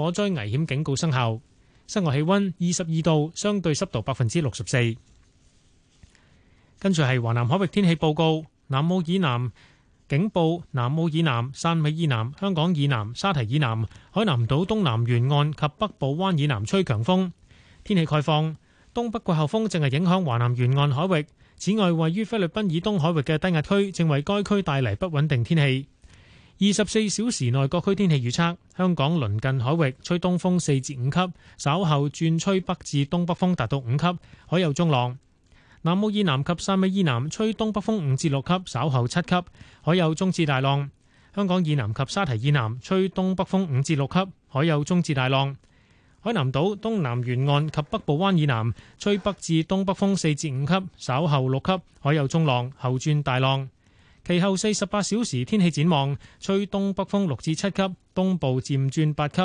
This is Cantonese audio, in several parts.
火災危險警告生效，室外氣溫二十二度，相對濕度百分之六十四。跟住係華南海域天氣報告：南澳以南警報，南澳以南、汕尾以南、香港以南、沙堤以南海南島東南沿岸及北部灣以南吹強風，天氣概況。東北季候風正係影響華南沿岸海域。此外，位於菲律賓以東海域嘅低壓區正為該區帶嚟不穩定天氣。二十四小時內各區天氣預測：香港鄰近海域吹東風四至五級，稍後轉吹北至東北風達到五級，海有中浪。南澳以南及汕尾以南吹東北風五至六級，稍後七級，海有中至大浪。香港以南及沙堤以南吹東北風五至六級，海有中至大浪。海南島東南沿岸及北部灣以南吹北至東北風四至五級，稍後六級，海有中浪，後轉大浪。其後四十八小時天氣展望，吹東北風六至七級，東部漸轉八級。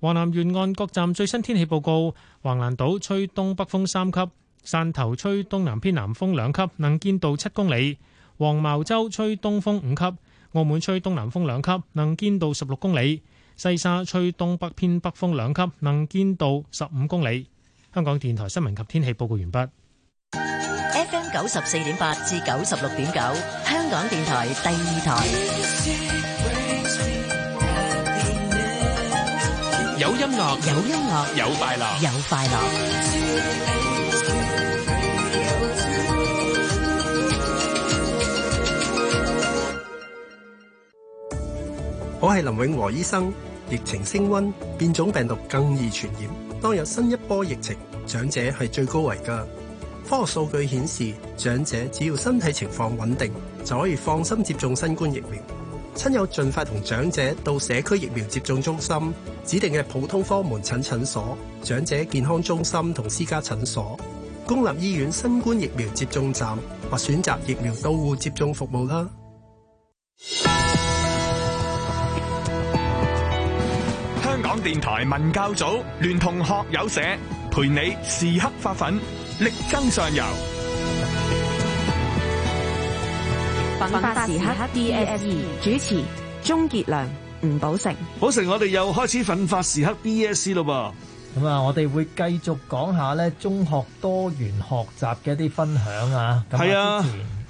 華南沿岸各站最新天氣報告：橫瀾島吹東北風三級，汕頭吹東南偏南風兩級，能見度七公里；黃茅洲吹東風五級，澳門吹東南風兩級，能見度十六公里；西沙吹東北偏北風兩級，能見度十五公里。香港電台新聞及天氣報告完畢。F 九十四點八至九十六點九，香港電台第二台。有音樂，有音樂，有快樂，有快樂。我係林永和醫生，疫情升温，變種病毒更易傳染。當有新一波疫情，長者係最高危噶。科學數據顯示，長者只要身體情況穩定，就可以放心接種新冠疫苗。親友盡快同長者到社區疫苗接種中心、指定嘅普通科門診診所、長者健康中心同私家診所、公立醫院新冠疫苗接種站或選擇疫苗到戶接種服務啦。香港電台文教組聯同學友社陪你時刻發奮。力爭上游，奮發時刻 D S E 主持鍾傑良、吳寶成。寶成，我哋又開始奮發時刻 D S E 咯噃。咁啊，我哋會繼續講下咧中學多元學習嘅一啲分享啊。係啊，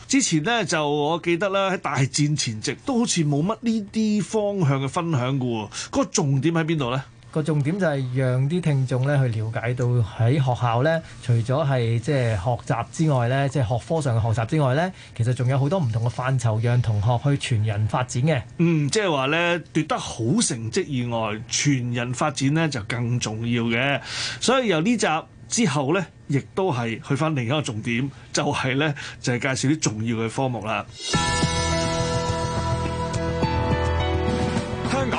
之前咧就我記得啦，喺大戰前夕都好似冇乜呢啲方向嘅分享㗎喎。那個重點喺邊度咧？個重點就係讓啲聽眾咧去了解到喺學校咧，除咗係即係學習之外咧，即係學科上嘅學習之外咧，其實仲有好多唔同嘅範疇，讓同學去全人發展嘅。嗯，即係話咧，奪得好成績以外，全人發展咧就更重要嘅。所以由呢集之後咧，亦都係去翻另一個重點，就係咧就係介紹啲重要嘅科目啦。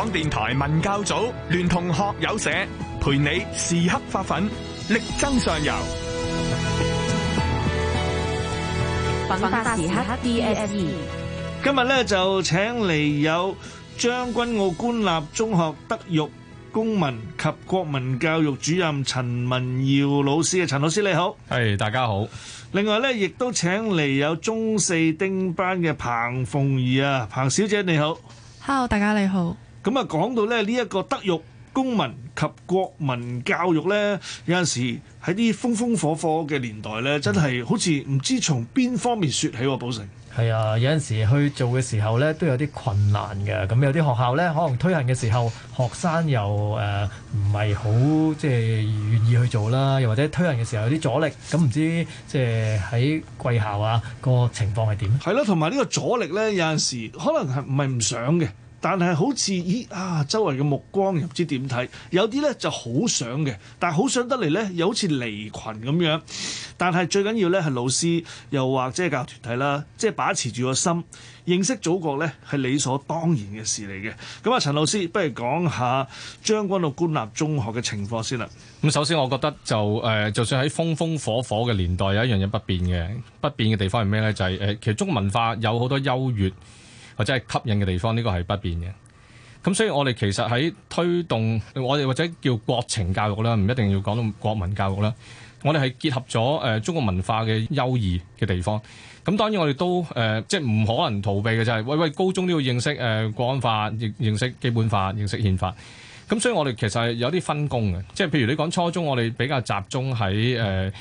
港電臺文教組聯同學友社陪你時刻發奮，力爭上游。粉發時刻 D S E 今日咧就請嚟有將軍澳官立中學德育、公民及國民教育主任陳文耀老師啊。陳老師你好，係大家好。另外咧，亦都請嚟有中四丁班嘅彭鳳儀啊，彭小姐你好，Hello，大家你好。咁啊，講到咧呢一個德育、公民及國民教育呢，有陣時喺啲風風火火嘅年代呢，真係好似唔知從邊方面説起喎、啊，保成。係啊，有陣時去做嘅時候呢，都有啲困難嘅。咁有啲學校呢，可能推行嘅時候，學生又誒唔係好即係願意去做啦。又或者推行嘅時候有啲阻力，咁唔知即係喺貴校啊個情況係點咧？係咯、啊，同埋呢個阻力呢，有陣時可能係唔係唔想嘅。但係好似咦啊，周圍嘅目光又唔知點睇，有啲呢就好想嘅，但係好想得嚟呢又好似離群咁樣。但係最緊要呢係老師，又或者係教育團體啦，即係把持住個心，認識祖國呢係理所當然嘅事嚟嘅。咁、嗯、啊，陳老師，不如講下將軍澳官立中學嘅情況先啦。咁首先我覺得就誒，就算喺風風火火嘅年代，有一樣嘢不變嘅，不變嘅地方係咩呢？就係、是、其實中國文化有好多優越。或者係吸引嘅地方，呢個係不變嘅。咁所以我哋其實喺推動，我哋或者叫國情教育啦，唔一定要講到國民教育啦。我哋係結合咗誒、呃、中國文化嘅優異嘅地方。咁當然我哋都誒、呃，即係唔可能逃避嘅就係，喂喂，高中都要認識誒、呃、國安法，認識基本法，認識憲法。咁所以我哋其實係有啲分工嘅，即係譬如你講初中，我哋比較集中喺誒、呃嗯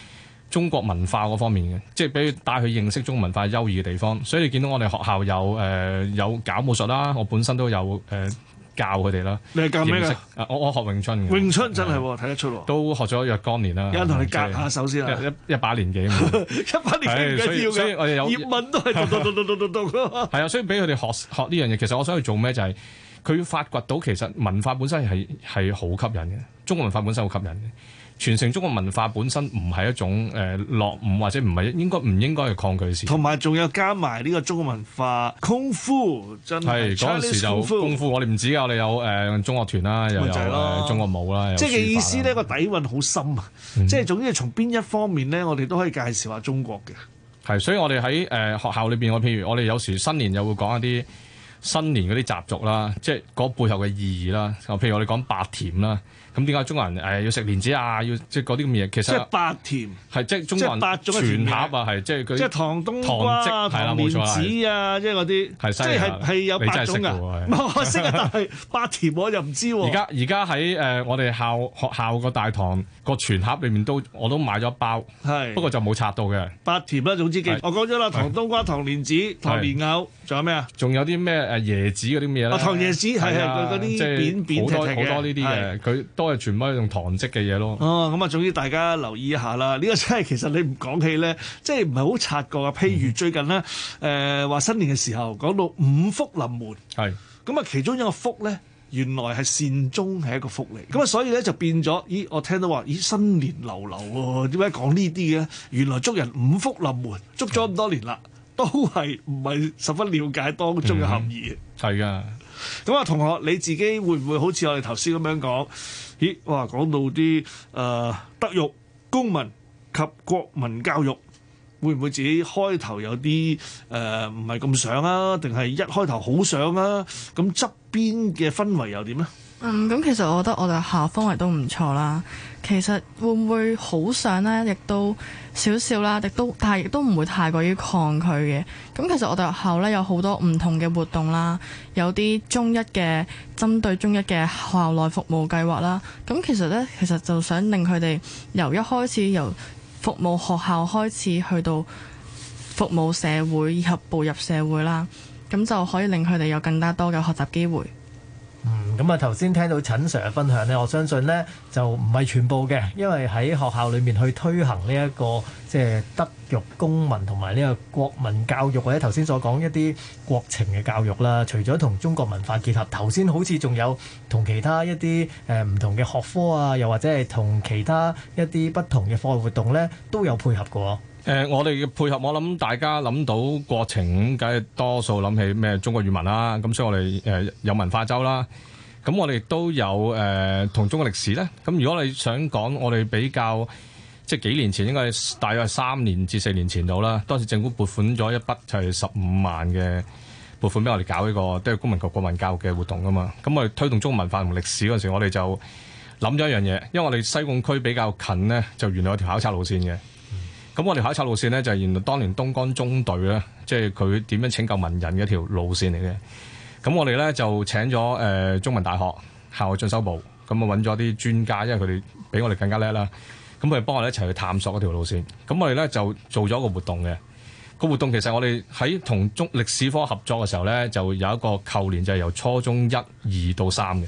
中國文化嗰方面嘅，即係畀佢帶去認識中國文化優異嘅地方，所以你見到我哋學校有誒、呃、有搞武術啦，我本身都有誒、呃、教佢哋啦。你係教咩、啊、我我學詠春嘅。詠春真係睇、啊、得出喎、啊。都學咗若干年啦。有人同你夾下手先啦。一把年紀， 一把年紀唔緊要嘅。我哋有葉問都係度都度度係啊，所以俾佢哋學學呢樣嘢。其實我想去做咩就係、是、佢發掘到其實文化本身係係好吸引嘅。中國文化本身好吸引嘅。 傳承中國文化本身唔係一種誒、呃、落伍或者唔係應該唔應該係抗拒事，同埋仲有加埋呢個中國文化功夫真係嗰陣功夫我哋唔止啊，我哋有誒、呃、中樂團啦，夫又有誒、呃、中國舞啦，啊、即係是意思呢個底蘊好深啊！嗯、即係總之從邊一方面呢，我哋都可以介紹下中國嘅。係，所以我哋喺誒學校裏邊，我譬如我哋有時新年又會講一啲新年嗰啲習俗啦，即係嗰背後嘅意義啦。譬如我哋講白甜啦。咁點解中國人誒、哎、要食蓮子啊？要即係嗰啲咁嘢，其實即係白甜係即係中國人全盒啊，係即係佢即係糖冬瓜、糖蓮子啊，即係嗰啲係啊，即係係有八種啊，唔係我識啊， 但係白甜我就唔知喎、啊。而家而家喺誒我哋校學校個大堂。我全盒裏面都我都買咗包，係是不過就冇拆到嘅。八甜啦，總之幾，是我講咗啦，糖冬瓜、糖蓮是子、糖蓮藕，仲有咩啊？仲有啲咩誒？椰子嗰啲咩咧？糖椰子係啊，佢嗰啲扁扁呢啲嘅，佢是都係全部用糖漬嘅嘢咯。哦，咁啊，總之大家留意一下啦。呢、這個真係其實你唔講起咧，即係唔係好察覺嘅。譬如最近咧，誒、呃、話新年嘅時候講到五福臨門，係咁啊，其中一個福咧。原來係善終係一個福利，咁啊，所以咧就變咗，咦？我聽到話，咦？新年流流喎、啊，點解講呢啲嘅？原來祝人五福臨門，祝咗咁多年啦，都係唔係十分了解當中嘅含義嘅。係啊、嗯，咁啊，同學你自己會唔會好似我哋頭先咁樣講？咦，哇！講到啲誒、呃、德育、公民及國民教育。會唔會自己開頭有啲誒唔係咁想啊？定係一開頭好想啊？咁側邊嘅氛圍又點呢？嗯，咁其實我覺得我哋校氛圍都唔錯啦。其實會唔會好想呢？亦都少少啦，亦都但係亦都唔會太過於抗拒嘅。咁其實我哋學校呢，有好多唔同嘅活動啦，有啲中一嘅針對中一嘅校內服務計劃啦。咁其實呢，其實就想令佢哋由一開始由服務學校開始去到服務社會以及步入社會啦，咁就可以令佢哋有更加多嘅學習機會。咁啊，頭先、嗯、聽到陳 Sir 嘅分享呢，我相信呢就唔係全部嘅，因為喺學校裏面去推行呢、這、一個即係、就是、德育公民同埋呢個國民教育或者頭先所講一啲國情嘅教育啦，除咗同中國文化結合，頭先好似仲有同其他一啲誒唔同嘅學科啊，又或者係同其他一啲不同嘅課外活動呢都有配合過誒、呃。我哋嘅配合，我諗大家諗到國情，咁梗係多數諗起咩中國語文啦。咁所以我哋誒、呃、有文化周啦。咁我哋都有誒同、呃、中國歷史咧。咁如果你想講我哋比較，即係幾年前應該大約係三年至四年前度啦。當時政府撥款咗一筆就係十五萬嘅撥款俾我哋搞呢個即係公民局、國民教育嘅活動㗎嘛。咁我哋推動中國文化同歷史嗰時，我哋就諗咗一樣嘢，因為我哋西貢區比較近呢，就原來有條考察路線嘅。咁、嗯、我哋考察路線呢，就係、是、原來當年東江中隊咧，即係佢點樣拯救文人嘅一條路線嚟嘅。咁我哋咧就請咗誒中文大學校外進修部，咁啊揾咗啲專家，因為佢哋比我哋更加叻啦。咁佢哋幫我哋一齊去探索嗰條路線。咁我哋咧就做咗一個活動嘅。個活動其實我哋喺同中歷史科合作嘅時候咧，就有一個扣連，就係由初中一二到三嘅。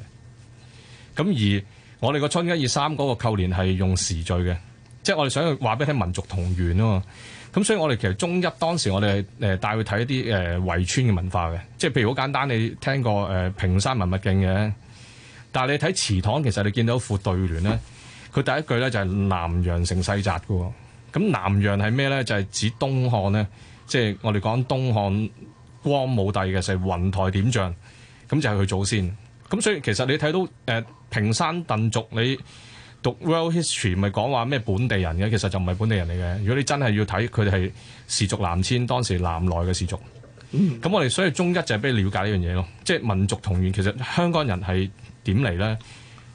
咁而我哋個春一二三嗰個扣連係用時序嘅，即係我哋想去話俾你聽民族同源吖嘛。咁、嗯、所以我哋其實中一當時我哋係誒帶佢睇一啲誒、呃、圍村嘅文化嘅，即係譬如好簡單，你聽過誒、呃、屏山文物徑嘅，但係你睇祠堂，其實你見到副對聯咧，佢第一句咧就係、是、南陽承世澤嘅，咁南陽係咩咧？就係、是、指東漢咧，即係我哋講東漢光武帝嘅，就係、是、雲台點像。咁就係佢祖先。咁、嗯、所以其實你睇到誒、呃、屏山鄧族你。讀 World History 唔係講話咩本地人嘅，其實就唔係本地人嚟嘅。如果你真係要睇，佢哋係氏族南遷，當時南來嘅氏族。咁、嗯、我哋所以中一就係俾你了解呢樣嘢咯，即係民族同源。其實香港人係點嚟咧？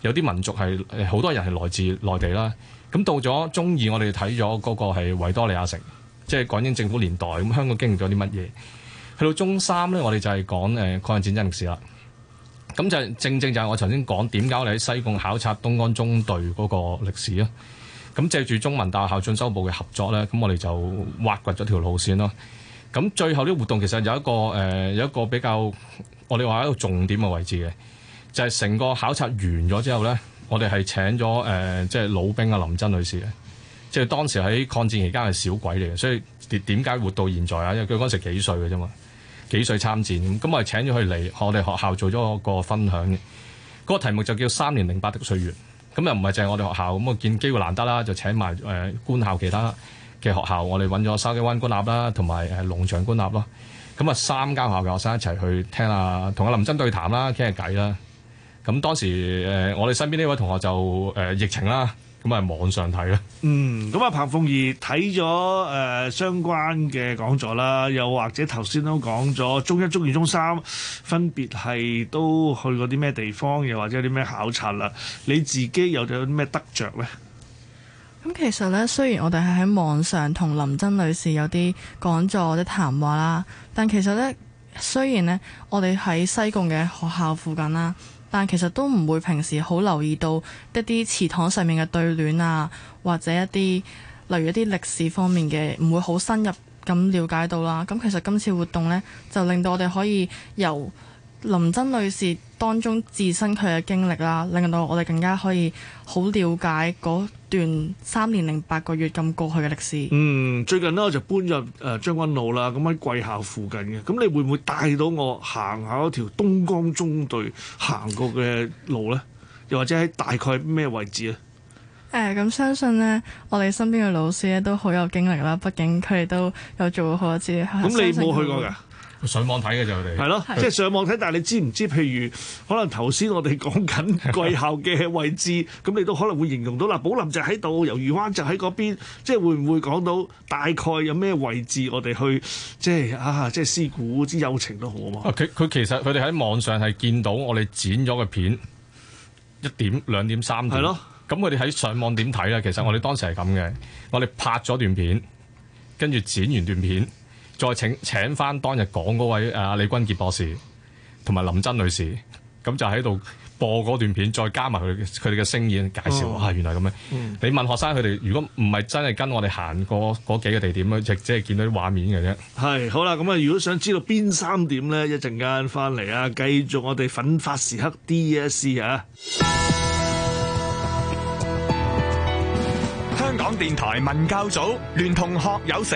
有啲民族係好多人係來自內地啦。咁到咗中二，我哋睇咗嗰個係維多利亞城，即係港英政府年代咁，香港經歷咗啲乜嘢？去到中三咧，我哋就係講誒抗日戰爭歷史啦。咁就正正就係我頭先講點解我哋喺西貢考察東安東江中隊嗰個歷史啊！咁借住中文大學校進修部嘅合作咧，咁我哋就挖掘咗條路線咯、啊。咁最後啲活動其實有一個誒、呃、有一個比較我哋話一個重點嘅位置嘅，就係、是、成個考察完咗之後咧，我哋係請咗誒即係老兵啊林珍女士嘅，即、就、係、是、當時喺抗戰期間係小鬼嚟嘅，所以點解活到現在啊？因為佢嗰陣時幾歲嘅啫嘛。幾歲參戰咁，我係請咗佢嚟我哋學校做咗個分享嘅，嗰、那個題目就叫三年零八的歲月，咁又唔係淨係我哋學校，咁我見機會難得啦，就請埋誒、呃、官校其他嘅學校，我哋揾咗筲箕灣官立啦，同埋誒龍翔官立咯，咁啊三間學校嘅學生一齊去聽啊，同阿林真對談啦，傾下偈啦，咁當時誒、呃、我哋身邊呢位同學就誒、呃、疫情啦。咁係網上睇啦。嗯，咁啊，彭鳳儀睇咗誒相關嘅講座啦，又或者頭先都講咗中一、中二、中三分別係都去過啲咩地方，又或者啲咩考察啦，你自己有啲咩得着呢？咁其實呢，雖然我哋係喺網上同林真女士有啲講座或者談話啦，但其實呢，雖然呢，我哋喺西貢嘅學校附近啦。但其實都唔會平時好留意到一啲祠堂上面嘅對聯啊，或者一啲例如一啲歷史方面嘅，唔會好深入咁了解到啦。咁其實今次活動呢，就令到我哋可以由林真女士當中自身佢嘅經歷啦，令到我哋更加可以好了解嗰段三年零八個月咁過去嘅歷史。嗯，最近呢，我就搬入誒將軍澳啦，咁喺貴校附近嘅。咁你會唔會帶到我行下嗰條東江中隊行過嘅路呢？又或者喺大概咩位置呢？誒、嗯，咁相信呢，我哋身邊嘅老師咧都好有經歷啦。畢竟佢哋都有做過好多次。咁你冇去過㗎？上網睇嘅就佢哋係咯，即係上網睇，但係你知唔知？譬如可能頭先我哋講緊貴校嘅位置，咁 你都可能會形容到啦。寶林就喺度，魷魚灣就喺嗰邊，即係會唔會講到大概有咩位置我？我哋去即係啊，即係思古之幽情都好啊嘛。佢佢其實佢哋喺網上係見到我哋剪咗個片，一點兩點三點。係咯，咁佢哋喺上網點睇咧？其實我哋當時係咁嘅，我哋拍咗段片，跟住剪完段片。再請請翻當日講嗰位阿、啊、李君傑博士同埋林珍女士，咁就喺度播嗰段片，再加埋佢佢哋嘅聲演介紹。哦、啊，原來咁樣！嗯、你問學生佢哋，如果唔係真係跟我哋行過嗰幾個地點，咧只只係見到啲畫面嘅啫。係好啦，咁啊，如果想知道邊三點咧，一陣間翻嚟啊，繼續我哋奮發時刻 DSC 啊！試試香港電台文教組聯同學友社。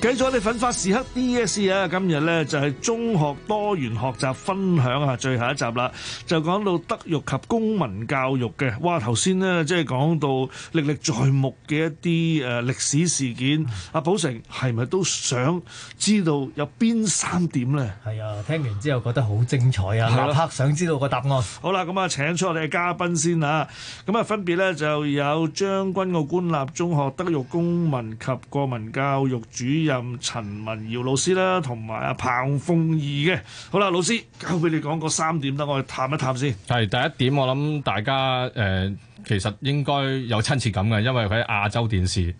繼續我哋奮發時刻 D.S. 啊！今日咧就係、是、中學多元學習分享啊，最後一集啦，就講到德育及公民教育嘅。哇，頭先咧即係講到歷歷在目嘅一啲誒歷史事件。阿寶成係咪都想知道有邊三點咧？係啊，聽完之後覺得好精彩啊，立、啊、刻想知道個答案。好啦，咁啊，請出我哋嘅嘉賓先啊。咁啊，分別咧就有將軍澳官立中學德育公民及國民教育主任。任陳文耀老師啦，同埋阿彭鳳儀嘅，好啦，老師交俾你講個三點啦，我哋探一探先。係第一點，我諗大家誒、呃，其實應該有親切感嘅，因為佢喺亞洲電視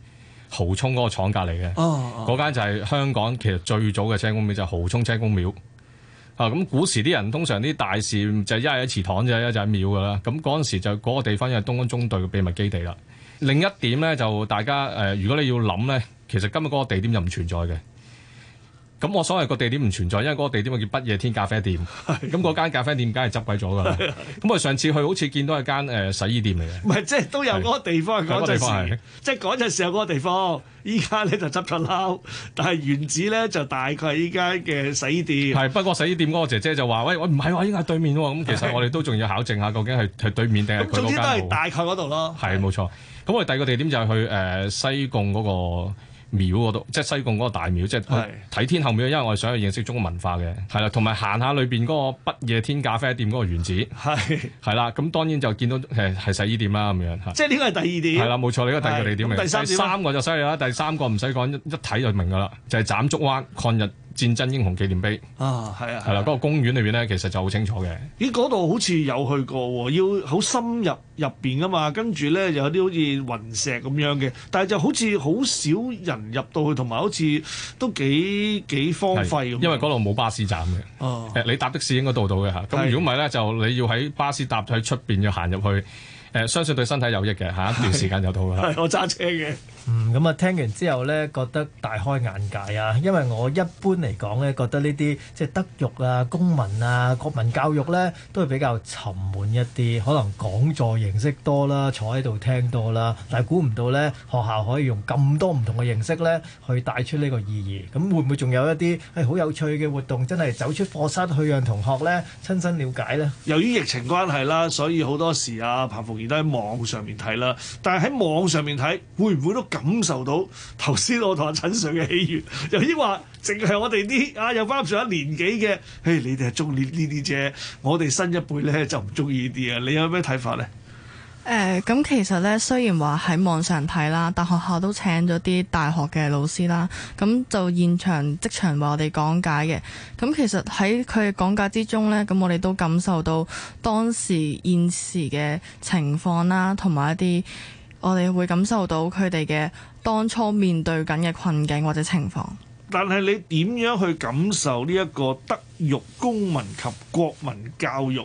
濠涌嗰個廠隔籬嘅，嗰間、oh. 就係香港其實最早嘅車公廟就濠涌車公廟。啊，咁古時啲人通常啲大事就是，一係喺祠堂，就一就喺廟噶啦。咁嗰陣時就嗰個地方因為東安中隊嘅秘密基地啦。另一點咧就大家誒、呃，如果你要諗咧。其實今日嗰個地點就唔存在嘅，咁我所謂個地點唔存在，因為嗰個地點叫不夜天咖啡店，咁嗰間咖啡店梗係執鬼咗噶啦。咁我哋上次去好似見到係間誒洗衣店嚟嘅，唔係即係都有嗰個地方嗰陣時，即係嗰陣時候嗰個地方，依家咧就執咗撈。但係原址咧就大概依間嘅洗衣店，係不過洗衣店嗰個姐姐就話：喂喂，唔係喎，應該係對面喎。咁其實我哋都仲要考證下究竟係佢對面定係佢嗰間。總之都係大概嗰度咯。係冇錯。咁我哋第二個地點就係去誒西貢嗰個。廟嗰度，即係西貢嗰個大廟，即係睇天后廟，因為我哋想去認識中國文化嘅，係啦，同埋行下裏邊嗰個不夜天咖啡店嗰個原址，係係啦，咁當然就見到誒係洗衣店啦咁樣嚇。即係呢個係第二點。係啦，冇錯，呢個第二個地點嚟。第三個就犀利啦，第三個唔使講，一睇就明㗎啦，就係斬竹灣抗日。戰爭英雄紀念碑啊，係啊，係啦、啊，嗰個公園裏邊咧，其實就好清楚嘅。咦，嗰度好似有去過，要好深入入邊噶嘛，跟住咧就有啲好似雲石咁樣嘅，但係就好似好少人入到去，同埋好似都幾幾荒廢。因為嗰度冇巴士站嘅，誒、啊，你搭的士應該到到嘅嚇。咁如果唔係咧，就你要喺巴士搭喺出邊，要行入去。誒，相信對身體有益嘅。下一段時間就到啦。係我揸車嘅。嗯，咁啊，聽完之後呢，覺得大開眼界啊！因為我一般嚟講呢，覺得呢啲即係德育啊、公民啊、國民教育呢，都係比較沉悶一啲，可能講座形式多啦，坐喺度聽多啦。但係估唔到呢，學校可以用咁多唔同嘅形式呢，去帶出呢個意義。咁會唔會仲有一啲係好有趣嘅活動？真係走出課室去讓同學呢親身瞭解呢？由於疫情關係啦，所以好多時啊，彭副。而都喺網上面睇啦，但係喺網上面睇，會唔會都感受到頭先我同阿陳 Sir 嘅喜悅？有啲話淨係我哋啲啊又返上一年紀嘅，嘿，你哋係中意呢啲啫，我哋新一輩咧就唔中意呢啲啊！你有咩睇法咧？誒咁其實咧，雖然話喺網上睇啦，但學校都請咗啲大學嘅老師啦，咁就現場即場為我哋講解嘅。咁其實喺佢嘅講解之中呢，咁我哋都感受到當時現時嘅情況啦，同埋一啲我哋會感受到佢哋嘅當初面對緊嘅困境或者情況。但係你點樣去感受呢一個德育、公民及國民教育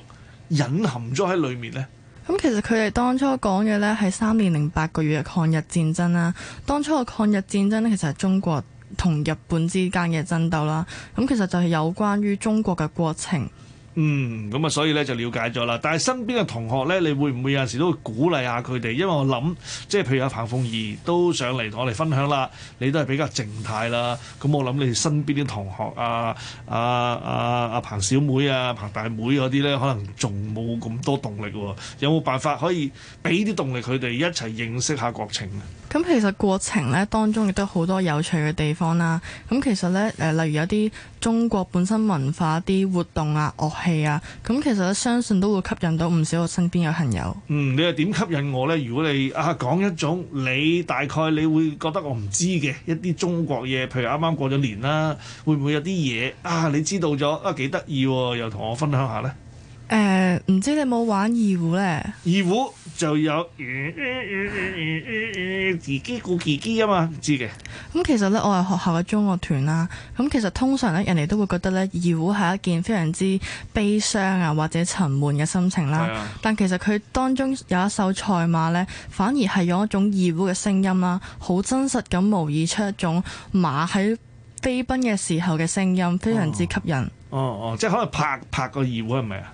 隱含咗喺裡面呢？咁其實佢哋當初講嘅呢係三年零八個月嘅抗日戰爭啦。當初嘅抗日戰爭呢，其實係中國同日本之間嘅爭鬥啦。咁其實就係有關於中國嘅國情。嗯，咁啊，所以咧就了解咗啦。但係身邊嘅同學咧，你會唔會有陣時都會鼓勵下佢哋？因為我諗，即係譬如阿彭鳳儀都上嚟同我哋分享啦，你都係比較靜態啦。咁我諗你身邊啲同學啊，啊啊啊阿彭小妹啊，彭大妹嗰啲咧，可能仲冇咁多動力喎、啊。有冇辦法可以俾啲動力佢哋一齊認識下國情咧？咁其實過程咧當中亦都好多有趣嘅地方啦。咁其實咧誒，例如有啲中國本身文化啲活動啊、樂器啊，咁其實相信都會吸引到唔少我身邊嘅朋友。嗯，你係點吸引我呢？如果你啊講一種你大概你會覺得我唔知嘅一啲中國嘢，譬如啱啱過咗年啦，會唔會有啲嘢啊？你知道咗啊幾得意喎，又同我分享下呢。誒，唔、呃、知你有冇玩二胡咧？二胡就有，自己顧自己啊嘛，唔知嘅。咁其實咧，我係學校嘅中樂團啦。咁其實通常咧，人哋都會覺得咧，二胡係一件非常之悲傷啊或者沉悶嘅心情啦。 對啊、但其實佢當中有一首賽馬咧，反而係用一種二胡嘅聲音啦，好真實咁模擬出一種馬喺。飛奔嘅時候嘅聲音非常之吸引。哦哦，哦，即係可能拍拍個議會係咪啊？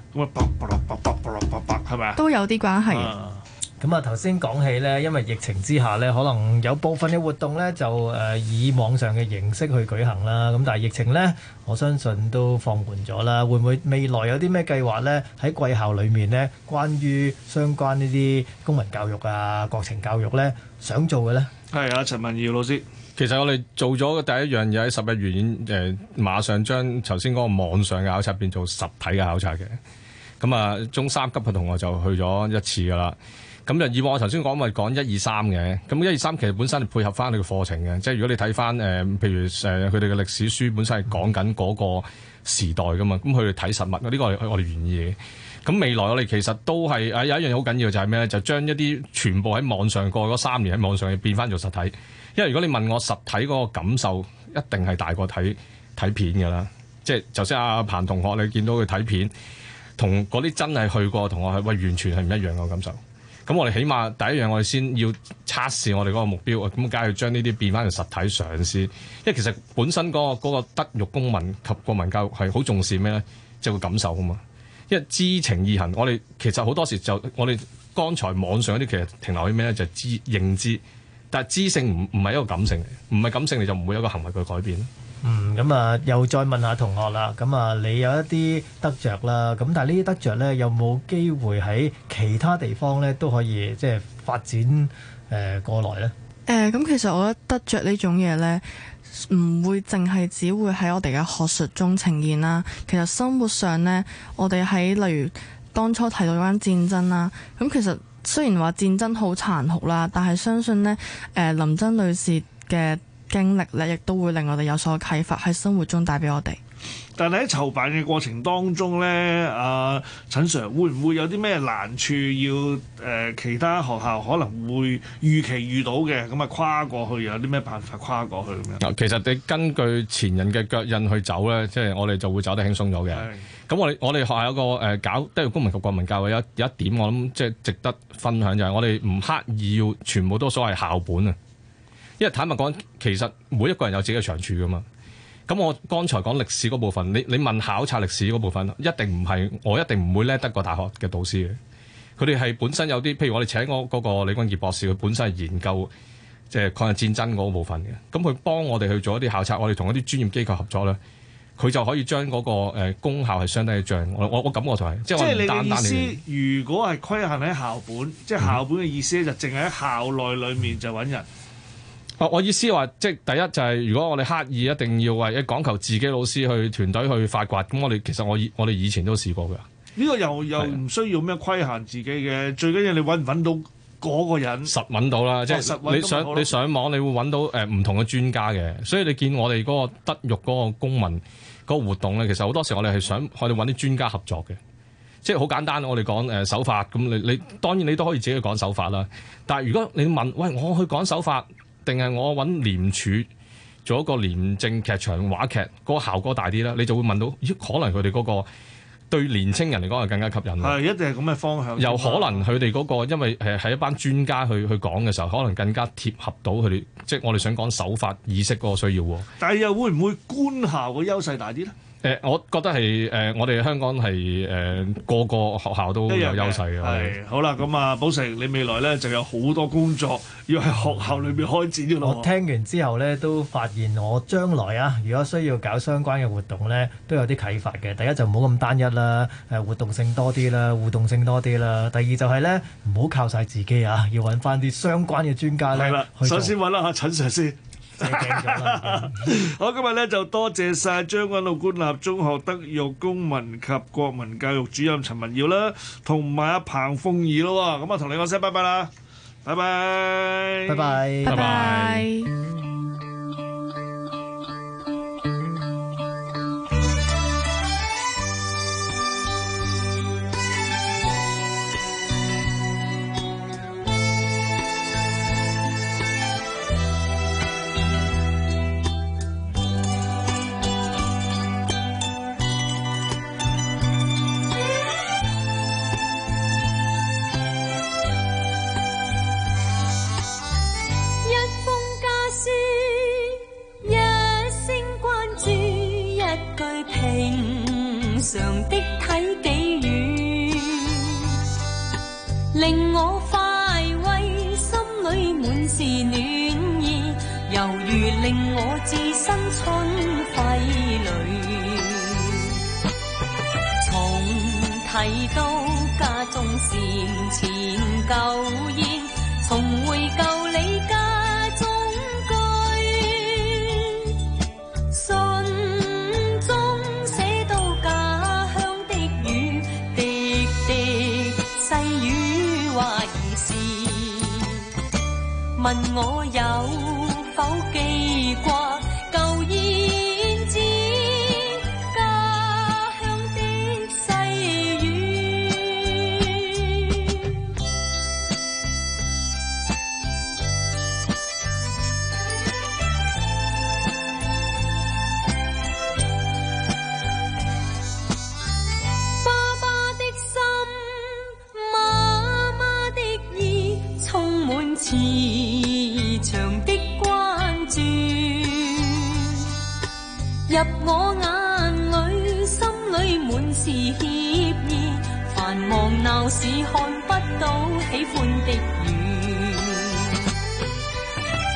係咪啊？都有啲關係。咁啊、哦，頭先講起呢，因為疫情之下呢，可能有部分嘅活動呢就誒以網上嘅形式去舉行啦。咁但係疫情呢，我相信都放緩咗啦。會唔會未來有啲咩計劃呢？喺貴校裏面呢，關於相關呢啲公民教育啊、國情教育呢，想做嘅呢？係啊，陳文耀老師。其實我哋做咗第一樣嘢喺十日完，誒、呃,馬上將頭先嗰個網上嘅考察變做實體嘅考察嘅。咁、嗯、啊,中三級嘅同學就去咗一次噶啦。咁、嗯、就以往我頭先講咪講一二三嘅。咁一二三其實本身係配合翻你課程嘅，即係如果你睇翻誒，譬如佢哋嘅歷史書本身係講緊嗰個時代噶嘛，咁佢哋睇實物，呢、這個係我哋原意嘅。咁、嗯、未來我哋其實都係、哎、有一樣嘢好緊要就係咩咧？就將一啲全部喺網上過嗰三年喺網上變翻做實體。因為如果你問我實體嗰個感受，一定係大過睇睇片嘅啦。即係，就先阿、啊、彭同學你見到佢睇片，同嗰啲真係去過同學，喂，完全係唔一樣嘅感受。咁我哋起碼第一樣，我哋先要測試我哋嗰個目標。咁梗係要將呢啲變翻成實體嘗試。因為其實本身嗰、那個、那個德育公民及國民教育係好重視咩呢？就個、是、感受啊嘛。因為知情意行，我哋其實好多時就我哋剛才網上嗰啲，其實停留喺咩呢？就是、知認知。但知性，唔唔係一個感性，唔係感性你就唔會有一個行為去改變。嗯，咁、嗯、啊，又再問下同學啦。咁、嗯、啊，你有一啲得着啦。咁但係呢啲得着呢，有冇機會喺其他地方呢都可以即係發展誒、呃、過來咧？誒、呃，咁其實我覺得得着呢種嘢呢，唔會淨係只會喺我哋嘅學術中呈現啦。其實生活上呢，我哋喺例如當初提到有關戰爭啦，咁、嗯、其實。雖然話戰爭好殘酷啦，但係相信呢誒、呃、林真女士嘅經歷呢，亦都會令我哋有所啟發，喺生活中帶畀我哋。但係喺籌辦嘅過程當中咧，阿、呃、陳 Sir 會唔會有啲咩難處要？誒、呃，其他學校可能會預期遇到嘅，咁啊跨過去有啲咩辦法跨過去咁樣？啊，其實你根據前人嘅腳印去走咧，即係我哋就會走得輕鬆咗嘅。咁的我我哋學校有個誒、呃、搞德育公民及國民教育有一一點，我諗即係值得分享就係、是、我哋唔刻意要全部都所謂校本啊，因為坦白講，其實每一個人有自己嘅長處噶嘛。咁我剛才講歷史嗰部分，你你問考察歷史嗰部分，一定唔係我一定唔會叻得過大學嘅導師嘅，佢哋係本身有啲，譬如我哋請我嗰個李君傑博士，佢本身係研究即係抗日戰爭嗰部分嘅，咁佢幫我哋去做一啲考察，我哋同一啲專業機構合作咧，佢就可以將嗰個功效係相當係漲，我我我感覺同埋，即係單單。即係你嘅意思，如果係規限喺校本，即係校本嘅意思咧，就淨係喺校內裡面就揾人。我意思話，即係第一就係、是、如果我哋刻意一定要話一講求自己老師去團隊去發掘，咁我哋其實我我哋以前都試過㗎。呢個又又唔需要咩規限自己嘅，的最緊要你搵唔搵到嗰個人實搵到啦，即係今天 你想的你上網你會搵到誒唔、呃、同嘅專家嘅，所以你見我哋嗰個德育嗰個公民嗰個活動咧，其實好多時我哋係想我哋搵啲專家合作嘅，即係好簡單。我哋講誒手法咁，你你當然你都可以自己去講手法啦。但係如果你問喂，我去講手法？定係我揾廉署做一個廉政劇場話劇，個效果大啲咧，你就會問到，咦？可能佢哋嗰個對年青人嚟講係更加吸引咯。係一定係咁嘅方向。有可能佢哋嗰個，因為係係一班專家去去講嘅時候，可能更加貼合到佢哋，即係我哋想講守法意識嗰個需要。但係又會唔會官校嘅優勢大啲咧？誒，我覺得係誒、呃，我哋香港係誒、呃、個個學校都有優勢嘅。係是好啦，咁啊，寶成，你未來咧就有好多工作要喺學校裏邊開展嘅的。我聽完之後咧，都發現我將來啊，如果需要搞相關嘅活動咧，都有啲啟發嘅。第一就唔好咁單一啦，誒活動性多啲啦，互動性多啲啦。第二就係咧，唔好靠晒自己啊，要揾返啲相關嘅專家咧。係啦的，做首先揾啦陳 Sir 先。好， 今日咧就多謝晒將軍澳官立中學德育、公民及國民教育主任陳文耀啦，同埋阿彭鳳儀咯，咁啊同你講聲拜拜啦，拜拜，拜拜，拜拜。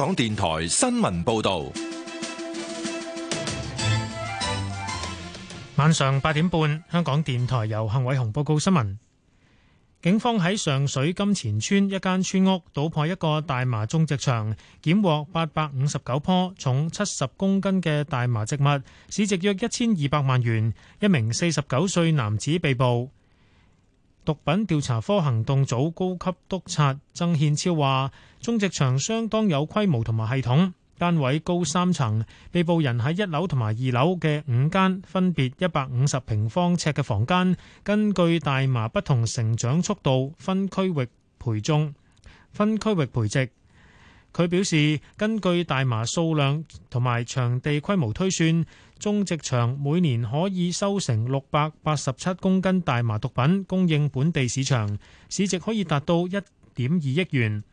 港電台新聞報道，晚上八點半，香港電台由幸偉雄報告新聞。警方喺上水金錢村一間村屋搗破一個大麻種植場，檢獲八百五十九棵重七十公斤嘅大麻植物，市值約一千二百萬元。一名四十九歲男子被捕。毒品調查科行動組高級督察曾憲超話，種植場相當有規模同埋系統，單位高三層，被捕人喺一樓同埋二樓嘅五間，分別一百五十平方尺嘅房間，根據大麻不同成長速度分區域培種，分區域培植。佢表示，根據大麻數量同埋場地規模推算，種植場每年可以收成六百八十七公斤大麻毒品，供應本地市場，市值可以達到一點二億元。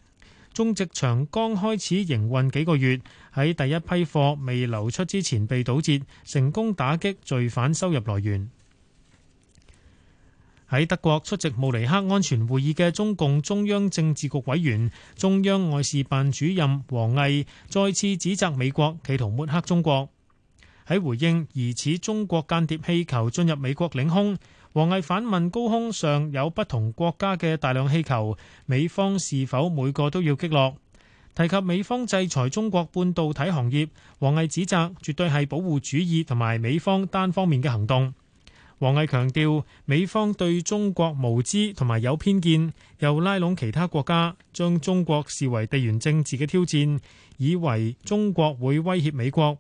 種植場剛開始營運幾個月，喺第一批貨未流出之前被堵截，成功打擊罪犯收入來源。喺德國出席慕尼黑安全會議嘅中共中央政治局委員、中央外事辦主任王毅再次指責美國企圖抹黑中國。喺回應疑似中國間諜氣球進入美國領空，王毅反問高空上有不同國家嘅大量氣球，美方是否每個都要擊落？提及美方制裁中國半導體行業，王毅指責絕對係保護主義同埋美方單方面嘅行動。王毅強調，美方對中國無知同埋有偏見，又拉攏其他國家，將中國視為地緣政治嘅挑戰，以為中國會威脅美國。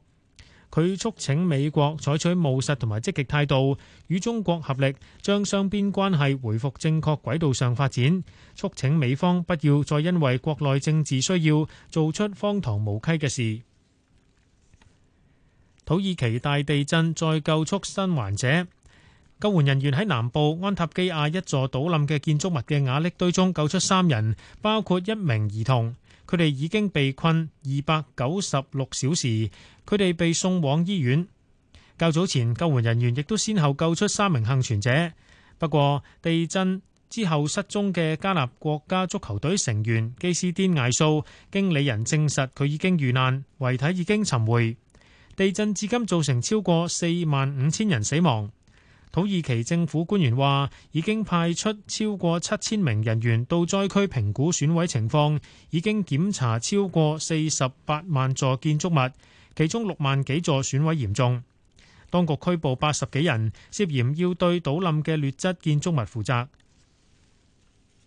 佢促請美國採取務實同埋積極態度，與中國合力將雙邊關係回復正確軌道上發展。促請美方不要再因為國內政治需要做出荒唐無稽嘅事。土耳其大地震再救出生還者。救援人員喺南部安塔基亞一座倒冧嘅建築物嘅瓦礫堆中救出三人，包括一名兒童。佢哋已經被困二百九十六小時。佢哋被送往醫院。較早前，救援人員亦都先後救出三名幸存者。不過，地震之後失蹤嘅加納國家足球隊成員基斯甸艾素經理人證實，佢已經遇難，遺體已經尋回。地震至今造成超過四萬五千人死亡。土耳其政府官員話，已經派出超過七千名人員到災區評估損毀情況，已經檢查超過四十八萬座建築物，其中六萬幾座損毀嚴重。當局拘捕八十幾人，涉嫌要對倒冧嘅劣質建築物負責。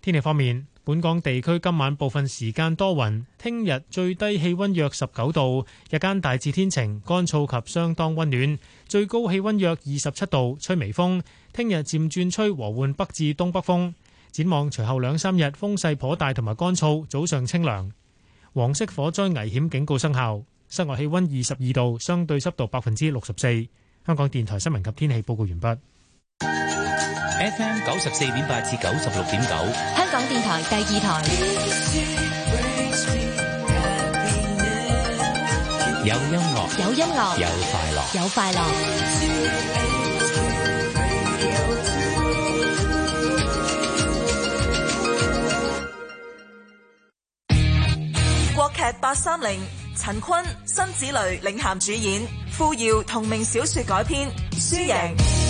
天氣方面。本港地區今晚部分時間多雲，聽日最低氣温約十九度，日間大致天晴，乾燥及相當温暖，最高氣温約二十七度，吹微風。聽日漸轉吹和緩北至東北風。展望隨後兩三日風勢頗大同埋乾燥，早上清涼。黃色火災危險警告生效。室外氣温二十二度，相對濕度百分之六十四。香港電台新聞及天氣報告完畢。FM 九十四點八至九十六點九，香港電台第二台。有音樂，有音樂，有快樂，有快樂。國劇八三零，陳坤、辛芷蕾領銜主演，付遙同名小說改編，輸贏。輸贏